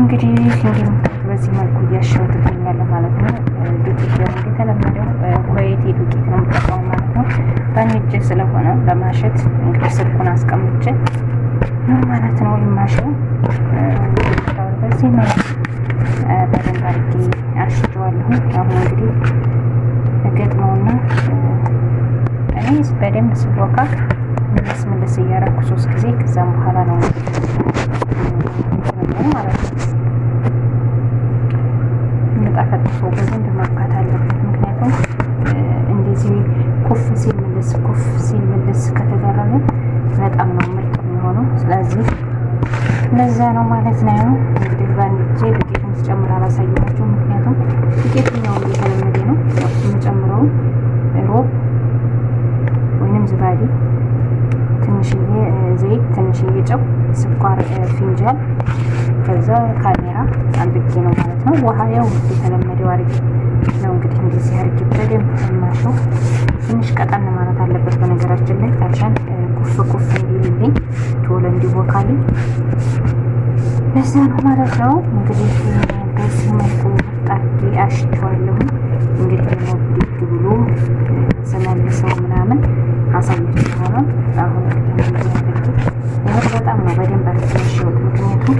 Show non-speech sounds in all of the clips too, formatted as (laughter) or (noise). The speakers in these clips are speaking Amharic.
እንግዲህ ፊንጌም በዚህ መልኩ እያሸው ትገኛለሁ ማለት ነው። ዱቄት ደግሞ የተለመደው ዱቄት ነው የምጠቀሙ ማለት ነው። በንጅ ስለሆነ ለማሸት እንግዲህ ስልኩን አስቀምጬ ምን ማለት ነው የማሸው። በዚህ መልኩ በደንብ አድርጌ አሽቸዋለሁ። አሁን እንግዲህ ገጥመውና እኔ በደንብ ስቦካ ምልስ ምልስ እያረኩ ሶስት ጊዜ ከዛም በኋላ ነው ማለት ነው። እንጠፈጥፈው በዘንድ ጨው፣ ስኳር ፊንጃል፣ ከዛ ካሜራ አንብጌ ነው ማለት ነው። ውሃ ያው የተለመደው አርጌ ነው እንግዲህ እንደዚህ አርጌ በደንብ ማሸው ትንሽ ቀጠን ማለት አለበት። በነገራችን ላይ ጣልሻን ኩፍ ኩፍ እንዲልልኝ ቶሎ እንዲቦካልኝ ለዛ ነው ማለት ነው። እንግዲህ በዚህ መልኩ ጣርጌ አሽቸዋለሁ። እንግዲህ ደግሞ ብድግ ብሎ ስመልሰው ምናምን አሳያችኋለሁ አሁን በደንብ አድርገሽ ምክንያቱም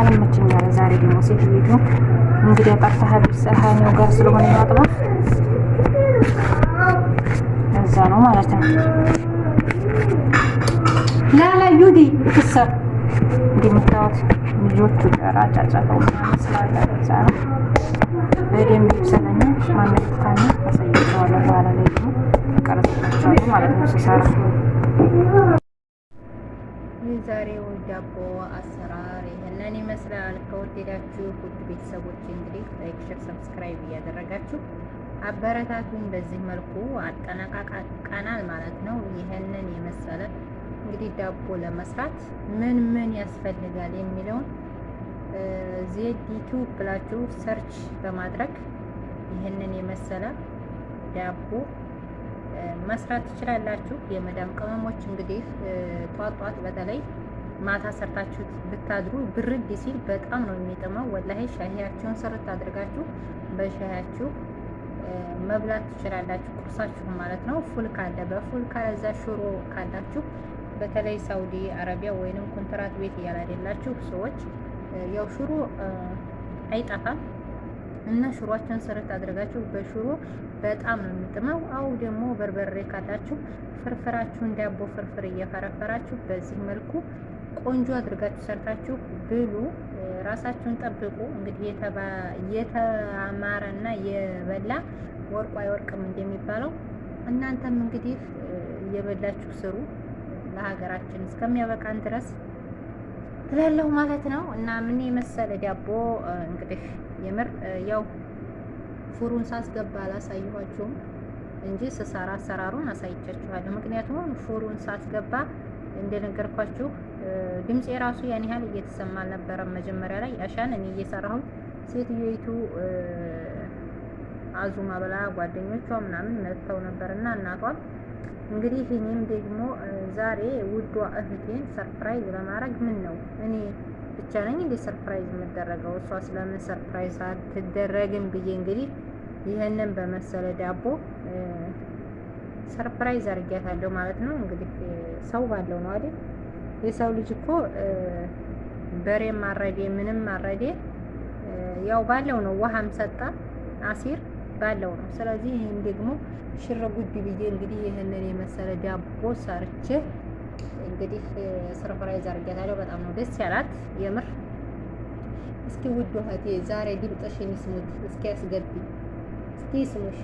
አልመቸኝ አለ። ዛሬ ደግሞ ሴት ቤቱ እንግዲህ አጣርታ ሀቢብ ሰሃኔው ጋር ስለሆነ ማጥባ እዛ ነው ማለት ነው። ላላ ዩዲ ክሳ እንደምታወት ልጆቹ ጋር ጫጫተው ስላለ እዛ ነው በደንብ ይብሰለኛ ማነታነ አሳያቸዋለሁ። በኋላ ላይ ደግሞ ቀረጽላቸዋለሁ ማለት ነው ሲሰራ የዛሬው ዳቦ አሰራር ይህንን ይመስላል። ከወደዳችሁ ውድ ቤተሰቦች እንግዲህ ላይክ፣ ሸር፣ ሰብስክራይብ እያደረጋችሁ አበረታቱን። በዚህ መልኩ አጠናቃቃናል ማለት ነው። ይህንን የመሰለ እንግዲህ ዳቦ ለመስራት ምን ምን ያስፈልጋል የሚለውን ዜዲቱ ብላችሁ ሰርች በማድረግ ይህንን የመሰለ ዳቦ መስራት ትችላላችሁ። የመዳም ቅመሞች እንግዲህ ጧት ጧት በተለይ ማታ ሰርታችሁ ብታድሩ ብርድ ሲል በጣም ነው የሚጥመው። ወላሂ ሻሂያችሁን ስርት አድርጋችሁ በሻሂያችሁ መብላት ትችላላችሁ፣ ቁርሳችሁ ማለት ነው። ፉል ካለ በፉል ከዛ ሽሮ ካላችሁ በተለይ ሳውዲ አረቢያ ወይንም ኮንትራት ቤት እያላደላችሁ ሰዎች ያው ሽሮ አይጠፋም እና ሽሮአቸውን ስርት አድርጋችሁ በሽሮ በጣም ነው የሚጥመው። አው ደግሞ በርበሬ ካላችሁ ፍርፍራችሁን ዳቦ ፍርፍር እየፈረፈራችሁ በዚህ መልኩ ቆንጆ አድርጋችሁ ሰርታችሁ ብሉ። ራሳችሁን ጠብቁ። እንግዲህ የተማረና የበላ ወርቁ አይወርቅም እንደሚባለው እናንተም እንግዲህ እየበላችሁ ስሩ። ለሀገራችን እስከሚያበቃን ድረስ ትላለሁ ማለት ነው እና ምን የመሰለ ዳቦ እንግዲህ የምር ያው ፉሩን ሳስገባ አላሳየኋችሁም እንጂ ስሰራ አሰራሩን አሳይቻችኋለሁ። ምክንያቱም ፉሩን ሳስገባ እንደነገርኳችሁ ድምፅ የራሱ ያን ያህል እየተሰማ አልነበረም። መጀመሪያ ላይ አሻን እኔ እየሰራሁ ሴትዮይቱ አዙማ ብላ ጓደኞቿ ምናምን መጥተው ነበርና እናቷም እንግዲህ እኔም ደግሞ ዛሬ ውዷ እህቴን ሰርፕራይዝ ለማድረግ ምን ነው እኔ ብቻ ነኝ እንዴ ሰርፕራይዝ የምደረገው? እሷ ስለምን ሰርፕራይዝ አትደረግም ብዬ እንግዲህ ይህንን በመሰለ ዳቦ ሰርፕራይዝ አድርጊያታለሁ ማለት ነው። እንግዲህ ሰው ባለው ነው አይደል? የሰው ልጅ እኮ በሬም አረዴ ምንም አረዴ ያው ባለው ነው። ውሃም ሰጣ አሲር ባለው ነው። ስለዚህ ይህን ደግሞ ሽረ ጉድ ብዬ እንግዲህ ይህንን የመሰለ ዳቦ ሰርቼ እንግዲህ ሰርፕራይዝ አድርጌታለሁ። በጣም ነው ደስ ያላት የምር። እስኪ ውድ እህቴ ዛሬ ድምፅሽን ይስሙት እስኪ ያስገቢ እስኪ ስሙሽ።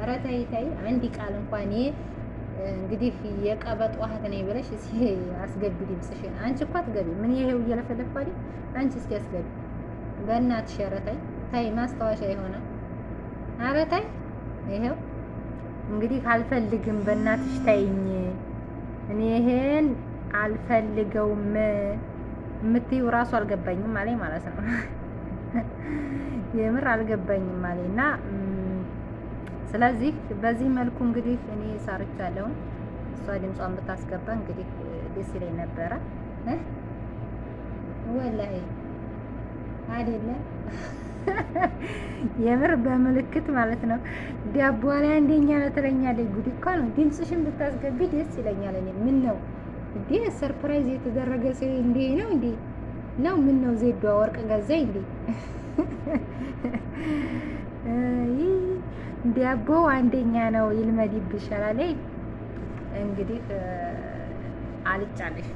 ኧረ ተይ ተይ፣ አንድ ቃል እንኳን እንግዲህ የቀበጥ እህት ነኝ ብለሽ እስኪ አስገቢ ድምፅሽን። አንቺ እኮ አትገቢ። ምን ይሄው እየለፈለፋ አንቺ እስኪ አስገቢ በእናትሽ። ኧረ ተይ ተይ፣ ማስታወሻ የሆነ ኧረ ተይ ይሄው እንግዲህ አልፈልግም፣ በእናትሽ ታይኝ፣ እኔ ይሄን አልፈልገውም የምትይው ራሱ አልገባኝም አለኝ ማለት ነው። የምር አልገባኝም አለኝ እና ስለዚህ በዚህ መልኩ እንግዲህ እኔ ሳርቻለሁ። እሷ ድምጿን ብታስገባ እንግዲህ ደስ ይለኝ ነበረ። ወላሂ አይደለም (laughs) የምር በምልክት ማለት ነው። ዳቦ ላይ አንደኛ ነው ትለኛለች። ጉድ እኮ ነው። ድምፅሽን ብታስገቢ ደስ ይለኛል። እኔ ምን ነው እንዴ ሰርፕራይዝ የተደረገ ሰው እንዴ ነው እንዴ ነው ምን ነው ዜዷ ወርቅ ገዛ እንዴ (laughs) ዳቦ አንደኛ ነው ይልመድ ይብሻላል። እንግዲህ አልጫለሽ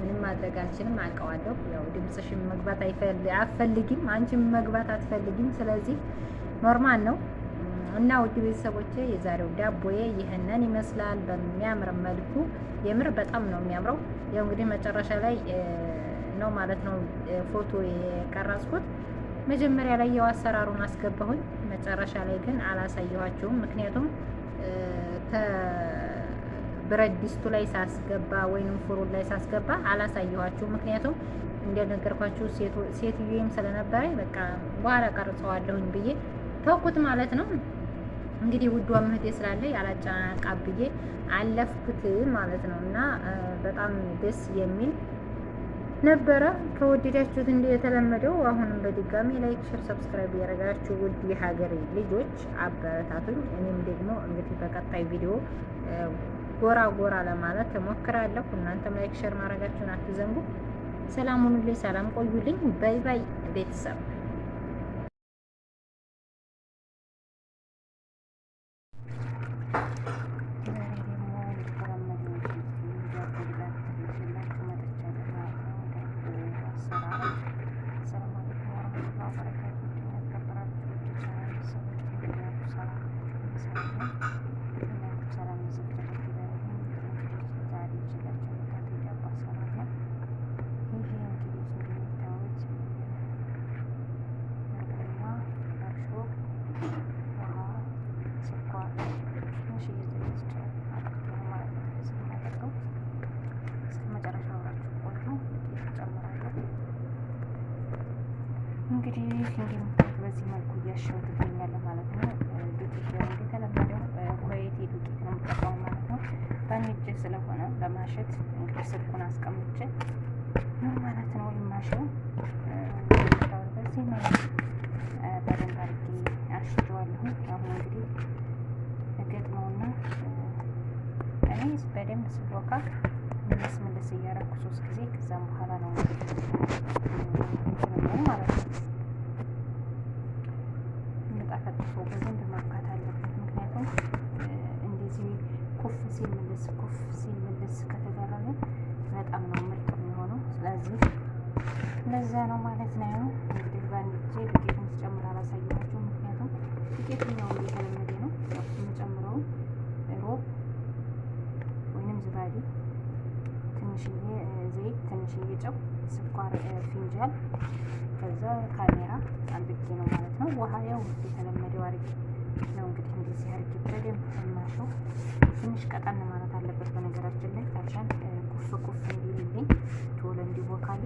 ምንም ማድረጋችንም አውቀዋለሁ። ያው ድምፅሽን መግባት አትፈልጊም፣ አንቺም መግባት አትፈልጊም። ስለዚህ ኖርማል ነው እና ውድ ቤተሰቦቼ የዛሬው ዳቦዬ ይህንን ይመስላል በሚያምር መልኩ። የምር በጣም ነው የሚያምረው። ያው እንግዲህ መጨረሻ ላይ ነው ማለት ነው ፎቶ የቀረጽኩት። መጀመሪያ ላይ ያው አሰራሩን አስገባሁኝ፣ መጨረሻ ላይ ግን አላሳየኋቸውም። ምክንያቱም ብረት ድስቱ ላይ ሳስገባ ወይንም ፍሩን ላይ ሳስገባ አላሳየኋችሁ። ምክንያቱም እንደነገርኳችሁ ሴትዮም ስለነበረ በቃ በኋላ ቀርጸዋለሁኝ ብዬ ተውኩት ማለት ነው። እንግዲህ ውዷ ምህቴ ስላለ ያላጫናቃ ብዬ አለፍኩት ማለት ነው። እና በጣም ደስ የሚል ነበረ። ከወደዳችሁት እንደ የተለመደው አሁንም በድጋሚ ላይክ፣ ሼር፣ ሰብስክራይብ ያደረጋችሁ ውድ የሀገሬ ልጆች አበረታቱኝ። እኔም ደግሞ እንግዲህ በቀጣይ ቪዲዮ ጎራ ጎራ ለማለት እሞክራለሁ። እናንተም ላይክ ሸር ማድረጋችሁን አትዘንጉ። ሰላም ሁኑልኝ፣ ሰላም ቆዩልኝ። ባይ ባይ ቤተሰብ ማሸት እንግዲህ ስልኩን አስቀምጬ ምን ማለት ነው የማሸው። በዚህ መልክ በደንብ አድርጌ አሽቸዋለሁ። አሁን እንግዲህ ገጥመውና እኔ በደንብ ስቦካ ምልስ ምልስ እያረኩ ሶስት ጊዜ ከዛም በኋላ ነው ማለት ነው የምጣፈጥፎ በደንብ ማካት አለበት። ምክንያቱም እንደዚህ ኩፍ ሲል ምልስ ኩፍ ሲል እንደዚህ ከተደረገ በጣም ነው ምርጥ የሚሆነው። ስለዚህ እንደዚያ ነው ማለት ነው። እንግዲህ በአንድ ጊዜ ዱቄቱን ስጨምር አላሳየኋቸው፣ ምክንያቱም ዱቄትኛው እየተለመደ ነው የምጨምረው። ሮብ ወይንም ዝባዴ፣ ትንሽዬ ዘይት፣ ትንሽዬ ጨው፣ ስኳር ፊንጃል፣ ከዛ ካሜራ አንድ ጊዜ ነው ማለት ነው። ውሃ ያው የተለመደው አድርጌ ነው እንግዲህ እንደዚህ አድርጌ በደንብ ማሸው ትንሽ ቀጠን ማለት አለበት። በነገራችን ላይ አልሻን ቁፍ ቁፍ እንዲልልኝ ቶሎ እንዲወካል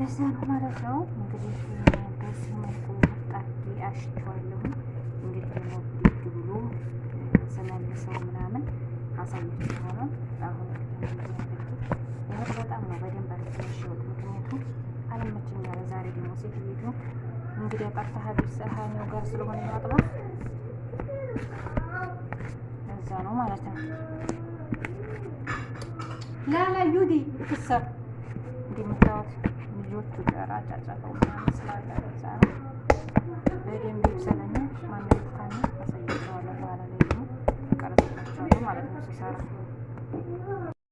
ለዛ ነው ማለት ነው። እንግዲህ በዚህ መልኩ አድርጌ አሽቸዋለሁ። የቀርታ ሀቢስ ሰሃኒው ጋር ስለሆነ የሚያጥባት እዛ ነው ማለት ነው። ላላ ዩዲ ክሰር እንደምታዩት ልጆቹ ጋር አጫጫፈው ስላለ እዛ ነው በደንብ ይብሰለኝ። ማንም አሳያቸዋለሁ። በኋላ ላይ ደግሞ ቀረጽላቸዋለሁ ማለት ነው ሲሰራ